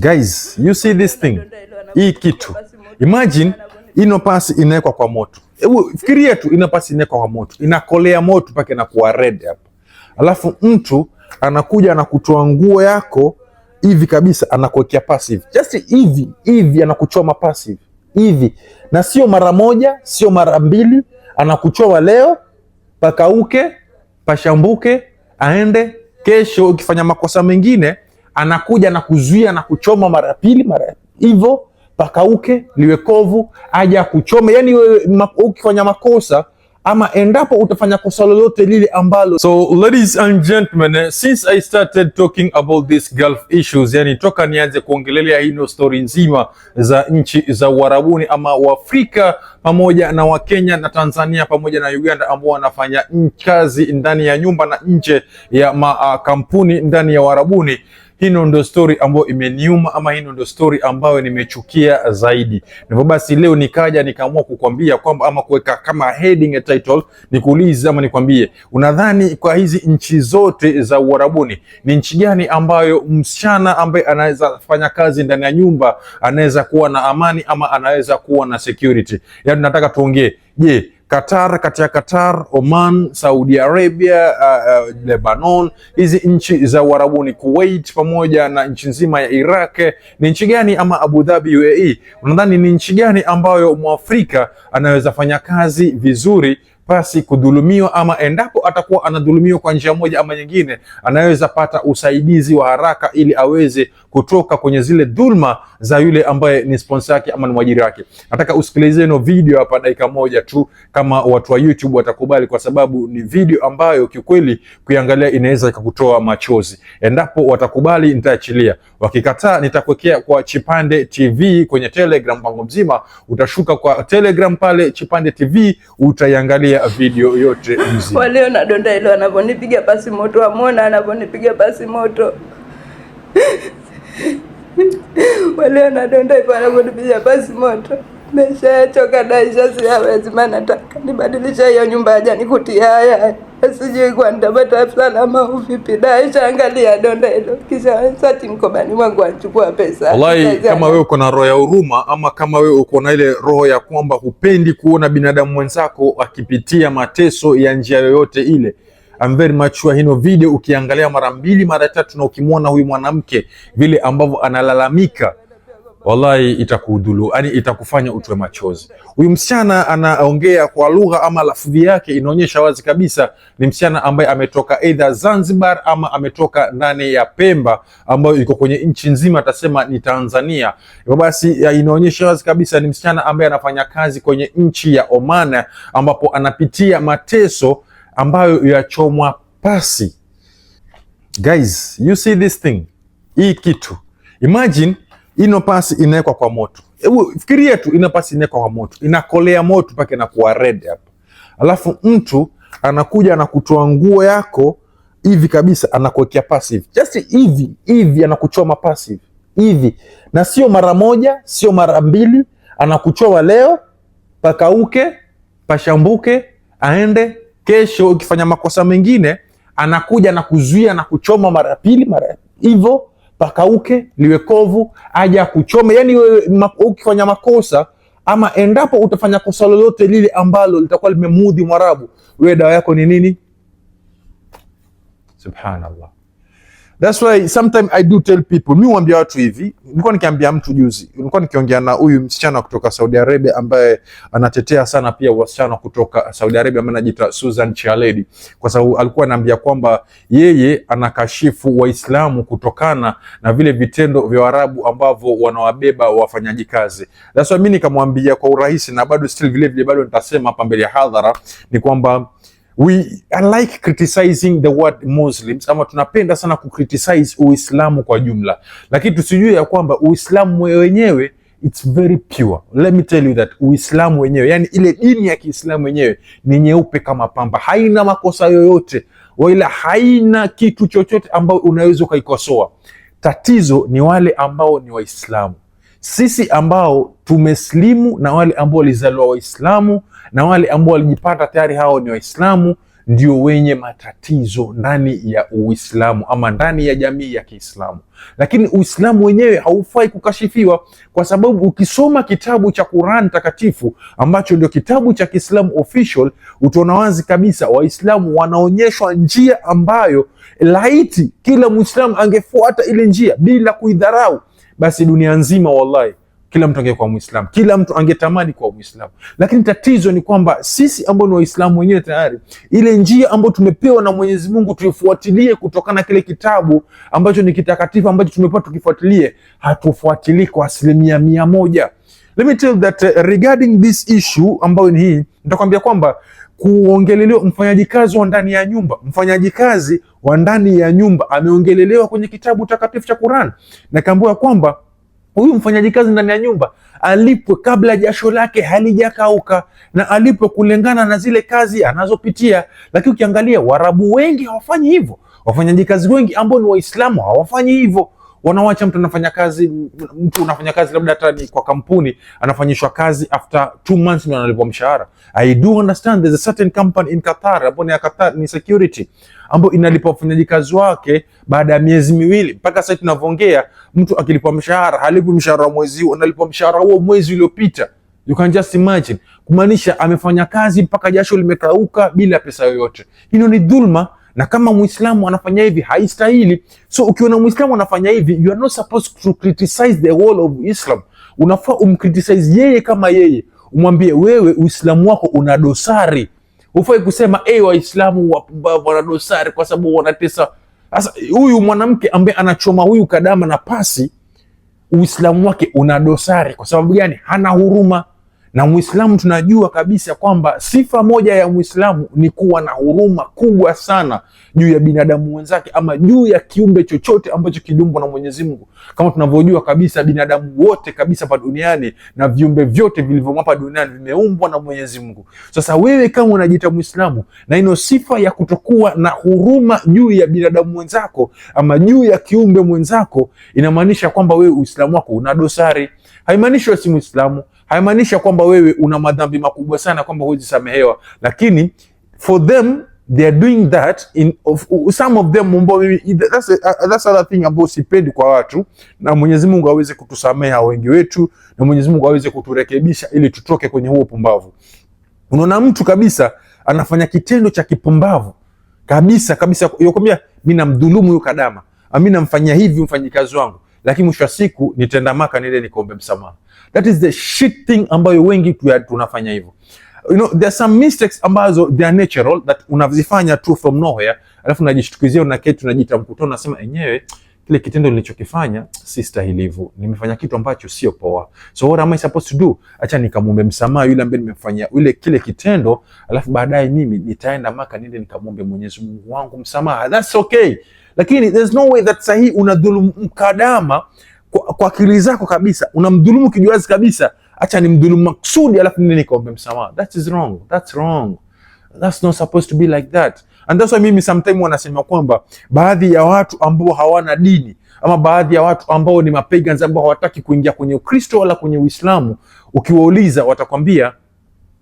Guys, you see this thing, hii kitu imagine, ino pasi inawekwa kwa moto. Fikiria tu, ino pasi inawekwa kwa moto, inakolea moto mpaka inakuwa red hapa, alafu mtu anakuja anakutoa nguo yako hivi kabisa, anakuwekea passive just hivi hivi, anakuchoma pasi hivi hivi, na sio mara moja, sio mara mbili, anakuchoma leo pakauke, pashambuke, aende kesho. Ukifanya makosa mengine anakuja na kuzuia na kuchoma mara ya pili, mara hivyo pakauke liwe kovu, aje akuchome. Yani wewe ukifanya makosa ama endapo utafanya kosa lolote lile ambalo. So ladies and gentlemen, eh, since I started talking about this Gulf issues, yani toka nianze kuongelelea hino story nzima za nchi za Uarabuni ama Waafrika pamoja na Wakenya na Tanzania pamoja na Uganda ambao wanafanya kazi ndani ya nyumba na nje ya makampuni ah, ndani ya Uarabuni Hino ndio stori ambayo imeniuma ama hino ndio stori ambayo nimechukia zaidi. Hivyo basi leo nikaja nikaamua kukwambia kwamba ama kuweka kama heading a title, nikuulize ama nikwambie, unadhani kwa hizi nchi zote za Uarabuni ni nchi gani ambayo msichana ambaye anaweza fanya kazi ndani ya nyumba anaweza kuwa na amani ama anaweza kuwa na security? Yaani nataka tuongee, je Qatar, kati ya Qatar, Oman, Saudi Arabia, uh, uh, Lebanon, hizi nchi za Uarabuni, Kuwait pamoja na nchi nzima ya Iraq. Ni nchi gani ama Abu Dhabi UAE, unadhani ni nchi gani ambayo Mwafrika anaweza fanya kazi vizuri pasi kudhulumiwa ama endapo atakuwa anadhulumiwa kwa njia moja ama nyingine, anaweza pata usaidizi wa haraka ili aweze kutoka kwenye zile dhulma za yule ambaye ni sponsor yake ama ni mwajiri wake. Nataka usikilize ino video hapa dakika moja tu, kama watu wa YouTube watakubali, kwa sababu ni video ambayo kiukweli kuiangalia inaweza ikakutoa machozi. Endapo watakubali, nitaachilia. Wakikataa, nitakuwekea kwa Chipande TV kwenye Telegram, mpango mzima utashuka kwa Telegram pale Chipande TV, utaiangalia video yote mzima. na donda hilo wanavyonipiga pasi moto, wamona anavyonipiga pasi moto wale wanadonda hivyo wanakurudisha pasi moto. Nimeshachoka daisha, siawezi. Maana nataka nibadilisha hiyo nyumba ya jani kutia haya, sijui kwa nitapata salama uvipi Daisha, angalia donda hilo, kisha sati mkobani mwangu wanchukua pesa. Wallahi, kama wewe uko na roho ya huruma ama kama wewe uko na ile roho ya kwamba hupendi kuona binadamu mwenzako akipitia mateso ya njia yoyote ile I'm very much sure hino video ukiangalia mara mbili mara tatu, na ukimwona huyu mwanamke vile ambavyo analalamika, wallahi itakudhulu, yani itakufanya utwe machozi. Huyu msichana anaongea kwa lugha ama lafudhi yake inaonyesha wazi kabisa ni msichana ambaye ametoka either Zanzibar ama ametoka ndani ya Pemba ambayo iko kwenye nchi nzima, atasema ni Tanzania. Hivyo basi inaonyesha wazi kabisa ni msichana ambaye anafanya kazi kwenye nchi ya Oman ambapo anapitia mateso ambayo yachomwa pasi. Guys, you see this thing, hii kitu imagine, ino pasi inawekwa kwa moto. Ebu fikiria tu, ina pasi inawekwa kwa moto, inakolea moto mpaka inakuwa red hapa, alafu mtu anakuja anakutoa nguo yako hivi kabisa, anakuwekea pasi hivi, just hivi hivi, anakuchoma pasi hivi hivi, na sio mara moja, sio mara mbili, anakuchoma leo pakauke, pashambuke, aende kesho ukifanya makosa mengine anakuja na kuzuia na kuchoma mara ya pili, mara hivyo pakauke liwe kovu, aja akuchome. Yani wewe ukifanya makosa ama endapo utafanya kosa lolote lile ambalo litakuwa limemudhi Mwarabu, wewe dawa yako ni nini? Subhanallah. That's why sometimes I do tell people, mimi wambia watu hivi. Nilikuwa nikiambia mtu juzi, nilikuwa nikiongea na huyu msichana kutoka Saudi Arabia ambaye anatetea sana pia wasichana kutoka Saudi Arabia ambaye anajiita Susan Chialedi, kwa sababu alikuwa anaambia kwamba yeye anakashifu Waislamu kutokana na vile vitendo vya Waarabu ambavyo wanawabeba wafanyaji kazi. That's why mimi nikamwambia kwa urahisi na bado still vile vile bado nitasema hapa mbele ya hadhara ni kwamba We I like criticizing the word Muslims, ama tunapenda sana kucriticize Uislamu kwa jumla, lakini tusijue ya kwamba Uislamu wenyewe it's very pure. Let me tell you that Uislamu wenyewe, yani ile dini ya Kiislamu wenyewe ni nyeupe kama pamba, haina makosa yoyote wala haina kitu chochote ambao unaweza ukaikosoa. Tatizo ni wale ambao ni Waislamu, sisi ambao tumeslimu na wale ambao walizaliwa Waislamu na wale ambao walijipata tayari hao ni Waislamu ndio wenye matatizo ndani ya Uislamu ama ndani ya jamii ya Kiislamu. Lakini Uislamu wenyewe haufai kukashifiwa, kwa sababu ukisoma kitabu cha Quran takatifu ambacho ndio kitabu cha Kiislamu official, utaona wazi kabisa Waislamu wanaonyeshwa njia ambayo laiti kila Mwislamu angefuata ile njia bila kuidharau, basi dunia nzima wallahi kila mtu angekuwa Muislamu, kila mtu angetamani kuwa Muislamu. Lakini tatizo ni kwamba sisi ambao ni Waislamu wenyewe tayari, ile njia ambayo tumepewa na Mwenyezi Mungu tuifuatilie kutokana na kile kitabu ambacho ni kitakatifu ambacho tumepewa tukifuatilie, hatufuatilii kwa asilimia mia moja. Let me tell that uh, regarding this issue ambayo ni hii, nitakwambia kwamba kuongelelewa mfanyaji kazi wa ndani ya nyumba, mfanyaji kazi wa ndani ya nyumba ameongelelewa kwenye kitabu takatifu cha Quran na kaambiwa kwamba huyu mfanyaji kazi ndani ya nyumba alipwe kabla jasho lake halijakauka na alipwe kulingana na zile kazi anazopitia. Lakini ukiangalia Waarabu wengi hawafanyi hivyo, wafanyaji kazi wengi ambao ni Waislamu hawafanyi hivyo wanawacha mtu anafanya kazi, mtu unafanya kazi labda hata ni kwa kampuni, anafanyishwa kazi after two months ndio analipwa mshahara. I do understand there's a certain company in Qatar ambayo ni Qatar ni security ambayo inalipa wafanyaji kazi wake baada ya miezi miwili. Mpaka sasa tunavyoongea, mtu akilipwa mshahara halipi mshahara wa mwezi huo, analipwa mshahara huo mwezi uliopita. You can just imagine, kumaanisha amefanya kazi mpaka jasho limekauka bila pesa yoyote. Hilo ni dhulma na kama Muislamu anafanya hivi haistahili. So ukiona Muislamu anafanya hivi, you are not supposed to criticize the whole of Islam. Unafaa umcriticize yeye kama yeye, umwambie wewe, Uislamu wako una dosari. Hufai kusema hey, Waislamu wapumbavu wana dosari kwa sababu wanatesa. Sasa huyu mwanamke ambaye anachoma huyu kadama na pasi, Uislamu wake una dosari kwa sababu gani? Hana huruma na Muislamu tunajua kabisa kwamba sifa moja ya Muislamu ni kuwa na huruma kubwa sana juu ya binadamu wenzake, ama juu ya kiumbe chochote ambacho kiliumbwa na Mwenyezi Mungu, kama tunavyojua kabisa binadamu wote kabisa hapa duniani na viumbe vyote vilivyomo hapa duniani vimeumbwa na Mwenyezi Mungu. Sasa wewe kama unajiita Muislamu na ino sifa ya kutokuwa na huruma juu ya binadamu mwenzako ama juu ya kiumbe mwenzako, inamaanisha kwamba wewe Uislamu wako una dosari. Haimaanishi wewe si Muislamu haimaanisha kwamba wewe una madhambi makubwa sana kwamba huwezi samehewa, lakini for them they are doing that in of, some of them ambao that's, a, that's other thing ambayo sipendi kwa watu, na Mwenyezi Mungu aweze kutusameha wengi wetu, na Mwenyezi Mungu aweze kuturekebisha ili tutoke kwenye huo pumbavu. Unaona, mtu kabisa anafanya kitendo cha kipumbavu kabisa kabisa, yokwambia mimi namdhulumu huyo kadama, mimi ah, namfanyia hivi mfanyikazi wangu, lakini mwisho wa siku nitenda maka nile nikombe msamaha. That is the shit thing ambayo wengi tunafanya hivyo. You know, there are some mistakes ambazo they are natural that unazifanya tu from nowhere, alafu unajishtukizia, unaketi, unajiita mkuto unasema enyewe kile kitendo nilichokifanya si stahilivu, nimefanya kitu ambacho sio poa, so what am I supposed to do? Acha nikamwombe msamaha yule ambaye nimemfanyia yule kile kitendo, alafu baadaye mimi nitaenda maka niende nikamwombe Mwenyezi Mungu wangu msamaha, that's okay. Lakini there's no way that sahi unadhulumu mkadama kwa, kwa akili zako kabisa unamdhulumu kijuazi kabisa, acha ni mdhulumu maksudi, alafu nini nikaombe msamaha? That is wrong, that's wrong, that's not supposed to be like that. And that's why mimi sometimes wanasema kwamba baadhi ya watu ambao hawana dini ama baadhi ya watu ambao ni mapagans ambao hawataki kuingia kwenye Ukristo wala kwenye Uislamu, ukiwauliza watakwambia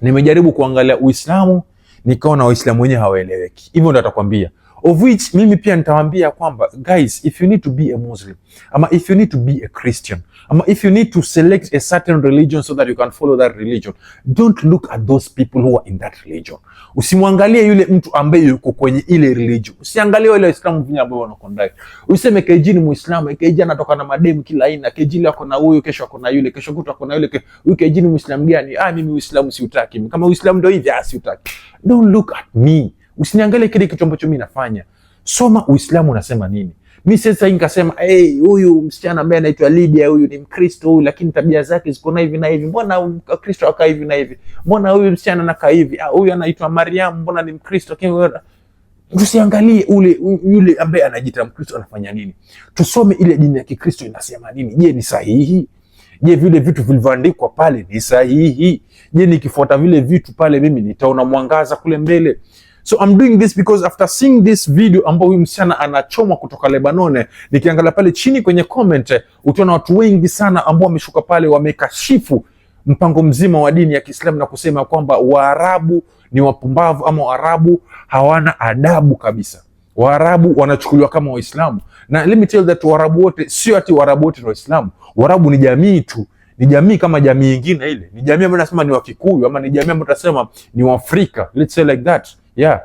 nimejaribu kuangalia Uislamu nikaona Waislamu wenyewe hawaeleweki. Hivyo ndo atakwambia of which mimi pia nitawaambia kwamba guys, if you need to be a Muslim ama if you need to be a Christian ama if you need to select a certain religion so that you can follow that religion, don't look at those people who are in that religion. Usimwangalie yule mtu ambaye yuko kwenye ile religion, usiangalie wale Waislamu vinyo ambao wanakondai, useme keji ni Muislamu, keji anatoka na mademu kila aina, keji leo ako na huyu, kesho ako na yule, kesho kutwa ako na yule. Huyu keji ni Muislamu gani? Ah, mimi Uislamu siutaki. Kama Uislamu ndio hivi, ah, siutaki. Don't look at me Usiniangalie kile kitu ambacho mimi nafanya. Soma Uislamu unasema nini. Mimi sasa nikasema, hey, huyu msichana ambaye anaitwa Lydia huyu ni Mkristo huyu, lakini tabia zake ziko na hivi na hivi. Mbona Mkristo akaa hivi na hivi? Mbona huyu msichana anakaa hivi? Ah, huyu anaitwa Mariam, mbona ni Mkristo? Tusiangalie ule yule ambaye anajiita Mkristo anafanya nini. Tusome ile dini ya Kikristo inasema nini. Je, ni sahihi? Je, vile vitu vilivyoandikwa pale ni sahihi? Je, nikifuata vile vitu pale mimi nitaona mwangaza kule mbele? So I'm doing this because after seeing this video ambao huyu msichana anachomwa kutoka Lebanon, nikiangalia pale chini kwenye comment, eh, utaona watu wengi sana ambao wameshuka pale wamekashifu mpango mzima wa dini ya Kiislamu na kusema kwamba Waarabu ni wapumbavu ama Waarabu hawana adabu kabisa. Waarabu wanachukuliwa kama Waislamu na let me tell that Waarabu wote sio ati Waarabu wote ni Waislamu. Waarabu ni jamii tu, ni jamii kama jamii nyingine ile, ni jamii ambayo nasema ni Wakikuyu ama ni jamii ambayo tunasema ni Waafrika, let's say like that yeah.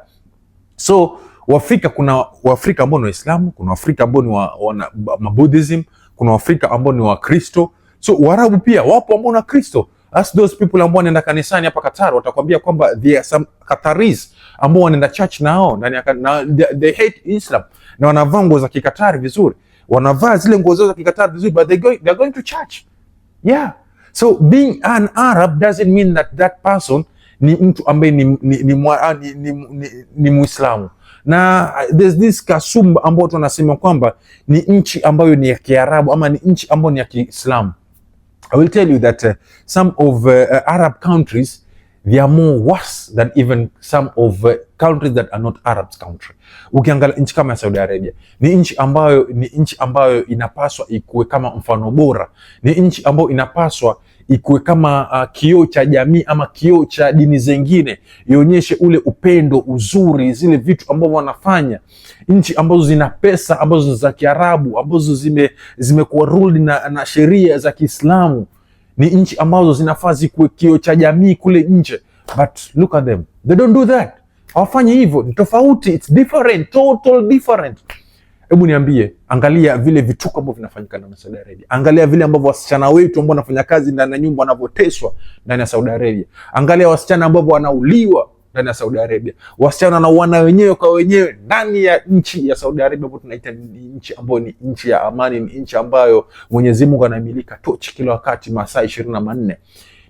So Waafrika, kuna Waafrika ambao ni Waislamu, kuna Waafrika ambao ni wa, wa, Mabuddhism, kuna Waafrika ambao ni Wakristo. So Waarabu pia wapo ambao na Kristo. As those people ambao wanaenda kanisani hapa Qatar watakwambia kwamba there are some Qataris ambao wanaenda church nao na, na they hate Islam na wanavaa nguo za kikatari vizuri, wanavaa zile nguo zao za kikatari vizuri, but they going, they are going to church yeah. So being an Arab doesn't mean that that person ni mtu ambaye ni, ni, ni, ah, ni, ni, ni, ni Muislamu na ah, there's this kasumba ambao watu wanasema kwamba ni nchi ambayo ni ya Kiarabu ama ni nchi ambayo ni ya Kiislamu. I will tell you that uh, some of uh, uh Arab countries they are more worse than even some of uh, countries that are not Arab country. Ukiangalia nchi kama ya Saudi Arabia ni nchi ambayo, ni nchi ambayo inapaswa ikuwe kama mfano bora, ni nchi ambayo inapaswa ikuwe kama uh, kioo cha jamii ama kioo cha dini zingine, ionyeshe ule upendo, uzuri, zile vitu ambavyo wanafanya. Nchi ambazo zina pesa ambazo za Kiarabu ambazo zime zimekuwa ruled na, na sheria za Kiislamu ni nchi ambazo zinafaa zikuwe kioo cha jamii kule nje, but look at them, they don't do that, hawafanyi hivyo. Ni tofauti, it's different, total different. Hebu niambie, angalia vile vituko ambavyo vinafanyika ndani ya Saudi Arabia, angalia vile ambavyo wasichana wetu ambao wanafanya kazi ndani ya nyumba wanavyoteswa ndani ya Saudi Arabia, angalia wasichana ambao wanauliwa ndani ya Saudi Arabia, wasichana wanauana wenyewe kwa wenyewe ndani ya nchi ya Saudi Arabia ambayo tunaita nchi ambayo ni nchi ya amani, ni nchi ambayo Mwenyezi Mungu anamilika tochi kila wakati, masaa ishirini na manne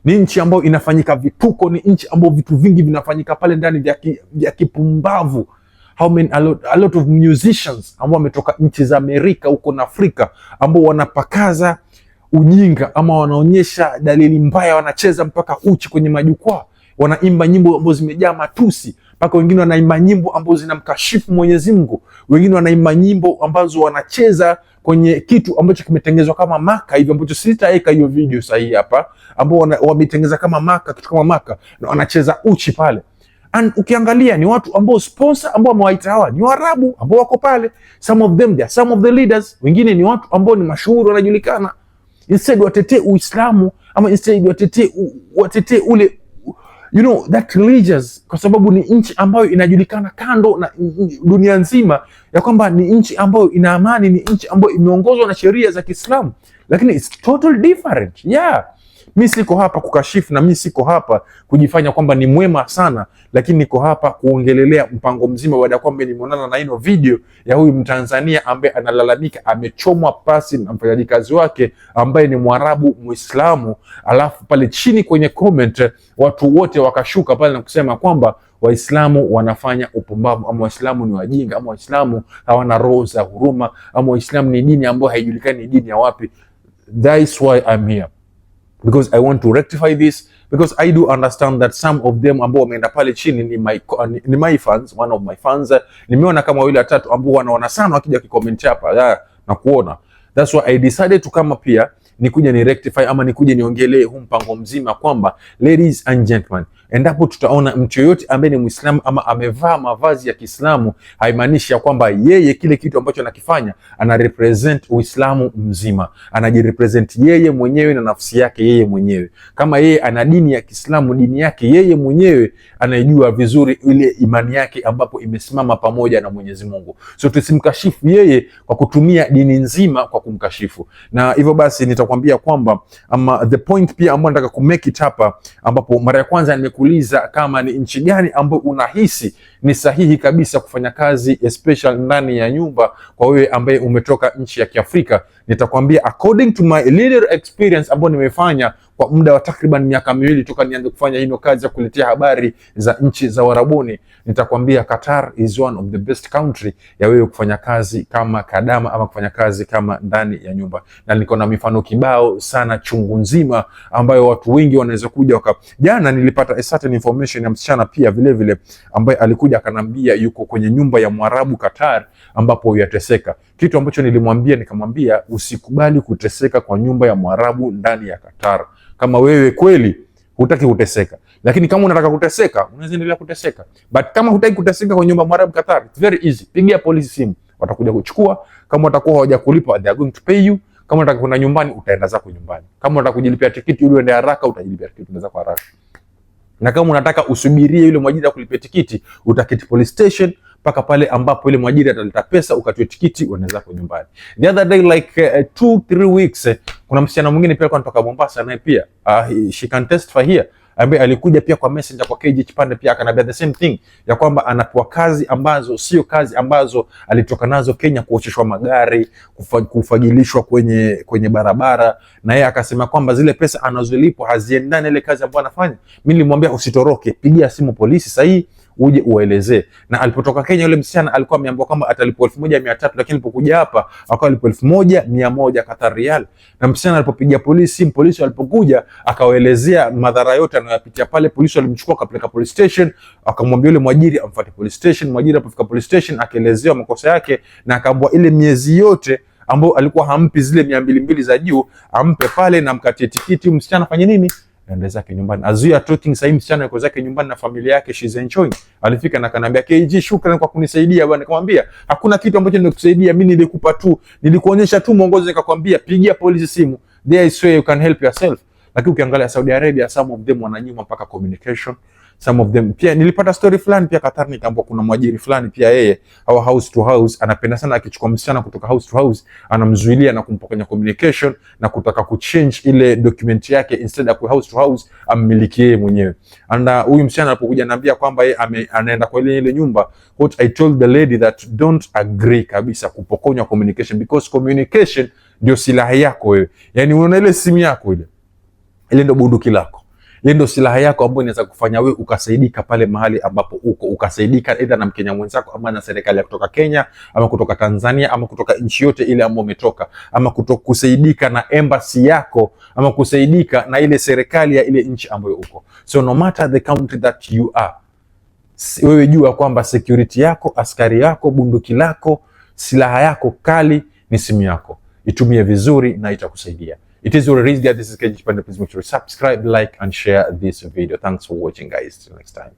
ni nchi ambayo inafanyika vituko, ni nchi ambayo vitu vingi vinafanyika pale ndani vya kipumbavu how many, a lot, a lot of musicians ambao wametoka nchi za Amerika huko na Afrika ambao wanapakaza ujinga ama wanaonyesha dalili mbaya, wanacheza mpaka uchi kwenye majukwaa, wanaimba nyimbo ambazo zimejaa matusi mpaka wengine wanaimba nyimbo ambazo zinamkashifu Mwenyezi Mungu, wengine wanaimba nyimbo ambazo wanacheza kwenye kitu ambacho kimetengenezwa kama maka hivi, ambacho sitaweka hiyo video sahihi hapa, ambao wametengeneza kama maka, kitu kama maka, na wanacheza uchi pale. And ukiangalia ni watu ambao sponsor ambao wamewaita hawa ni Waarabu ambao wako pale, some of them they are some of the leaders. Wengine ni watu ambao ni mashuhuri wanajulikana. Instead watetee Uislamu ama instead watetee watetee ule you know that religious, kwa sababu ni nchi ambayo inajulikana kando na dunia nzima ya kwamba ni nchi ambayo ina amani, ni nchi ambayo imeongozwa na sheria za Kiislamu, lakini it's totally different yeah Mi siko hapa kukashifu na mi siko hapa kujifanya kwamba ni mwema sana, lakini niko hapa kuongelelea mpango mzima, baada ya kwamba nimeonana na ino video ya huyu Mtanzania ambaye analalamika amechomwa pasi na mfanyaji kazi wake ambaye ni Mwarabu Mwislamu, alafu pale chini kwenye comment watu wote wakashuka pale na kusema kwamba Waislamu wanafanya upumbavu ama Waislamu ni wajinga ama Waislamu hawana roho za huruma ama Waislamu ni dini ambayo haijulikani ni dini ya wapi. That's why I'm here because I want to rectify this because I do understand that some of them ambao wameenda pale chini ni my, ni my fans, one of my fans. Nimeona kama wawili watatu ambao wanaona sana wakija kucomment hapa na kuona, that's why I decided to come up here, nikuja ni rectify ama nikuja niongelee huu mpango mzima kwamba ladies and gentlemen Endapo tutaona mtu yoyote ambaye ni Mwislamu ama amevaa mavazi ya Kiislamu, haimaanishi ya kwamba yeye kile kitu ambacho anakifanya represent Uislamu mzima, anajirepresent yeye mwenyewe na nafsi yake yeye mwenyewe. Kama yeye ana dini ya Kiislamu, dini yake yeye mwenyewe anaijua vizuri ile imani yake ambapo imesimama pamoja na Mwenyezi Mungu. So tusimkashifu yeye kwa kutumia dini nzima kwa kumkashifu, na hivyo basi nitakwambia kwamba ama the point pia ambayo nataka kumake it hapa ambapo mara ya kwanza nime nimekuuliza kama ni nchi gani ambayo unahisi ni sahihi kabisa kufanya kazi especially ndani ya nyumba kwa wewe ambaye umetoka nchi ya Kiafrika nitakwambia according to my little experience ambayo nimefanya kwa muda wa takriban miaka miwili toka nianze kufanya hino kazi ya kuletea habari za nchi za warabuni, nitakwambia Qatar is one of the best country ya wewe kufanya kazi kama kadama ama kufanya kazi kama ndani ya nyumba, na niko na mifano kibao sana chungu nzima ambayo watu wengi wanaweza kuja waka. Jana nilipata a certain information ya msichana pia vile vile ambaye alikuja akanambia yuko kwenye nyumba ya Mwarabu Qatar ambapo yateseka, kitu ambacho nilimwambia nikamwambia usikubali kuteseka kwa nyumba ya Mwarabu ndani ya Qatar. Kama wewe kweli hutaki kuteseka, lakini kama unataka kuteseka unaweza endelea kuteseka, but kama hutaki kuteseka kwa nyumba ya Mwarabu Qatar, it's very easy, pigia polisi simu, watakuja kuchukua. Kama watakuwa hawajakulipa they are going to pay you. Kama unataka kwenda nyumbani utaenda zako nyumbani. Kama unataka kujilipia tikiti ili uende haraka utajilipia tikiti unaweza kwa haraka, na kama unataka usubirie yule mwajiri akulipia tikiti utaketi police station mpaka pale ambapo ile mwajiri ataleta pesa ukatoe tikiti uende zako nyumbani. The other day like uh, two three weeks, eh, kuna msichana mwingine pia alikuwa anatoka Mombasa naye pia uh, she can testify here ambaye alikuja pia kwa messenger kwa KG Chipande pia akanambia the same thing ya kwamba anapewa kazi ambazo sio kazi ambazo alitoka nazo Kenya, kuoshishwa magari, kufagilishwa kwenye, kwenye barabara, na yeye akasema kwamba zile pesa anazolipwa haziendani ile kazi ambayo anafanya. Mimi nilimwambia usitoroke, pigia simu polisi sahihi uje uwaelezee. Na alipotoka Kenya yule msichana alikuwa ameambiwa kwamba atalipwa elfu moja mia tatu lakini alipokuja hapa akawa alipo elfu moja mia moja Qatar rial. Na msichana alipopiga polisi polisi walipokuja akawaelezea madhara yote anayopitia pale. Polisi walimchukua akapeleka police station, akamwambia yule mwajiri amfuate police station. Mwajiri alipofika police station akaelezewa makosa yake na akaambiwa ile miezi yote ambayo alikuwa hampi zile mia mbili mbili za juu ampe pale na mkatie tikiti, msichana afanye nini naenda zake nyumbani. Azuia two sasa hivi msichana yuko zake nyumbani na familia yake she's enjoying. Alifika na kaniambia KG, shukrani kwa kunisaidia bwana. Nikamwambia hakuna kitu ambacho nimekusaidia mimi, nilikupa tu, nilikuonyesha tu mwongozo, nikakwambia pigia polisi simu, there is way you can help yourself. Lakini ukiangalia Saudi Arabia, some of them wananyuma mpaka communication some of them pia nilipata story fulani pia Katharni kaambwa kuna mwajiri fulani pia yeye au house to house anapenda sana akichukua msichana kutoka house to house anamzuilia na kumpa kwenye communication na kutaka kuchange ile document yake instead of house to house ammiliki yeye mwenyewe. And uh, huyu uh, msichana alipokuja anambia kwamba yeye anaenda kwa ile ile nyumba, what I told the lady that don't agree kabisa kupokonywa communication because communication ndio silaha yako wewe. Yani unaona ile simu yako ile ile ndio bunduki lako hii ndio silaha yako ambayo inaweza kufanya wewe ukasaidika pale mahali ambapo uko, ukasaidika aidha na Mkenya mwenzako ama na serikali ya kutoka Kenya ama kutoka Tanzania ama kutoka nchi yote ile ambayo umetoka, ama kusaidika na embassy yako ama kusaidika na ile serikali ya ile nchi ambayo uko. So no matter the country that you are, wewe jua kwamba security yako, askari yako, bunduki lako, silaha yako kali ni simu yako. Itumie vizuri na itakusaidia. it is your risk guys this is KG Panda. please make sure subscribe like and share this video thanks for watching guys till next time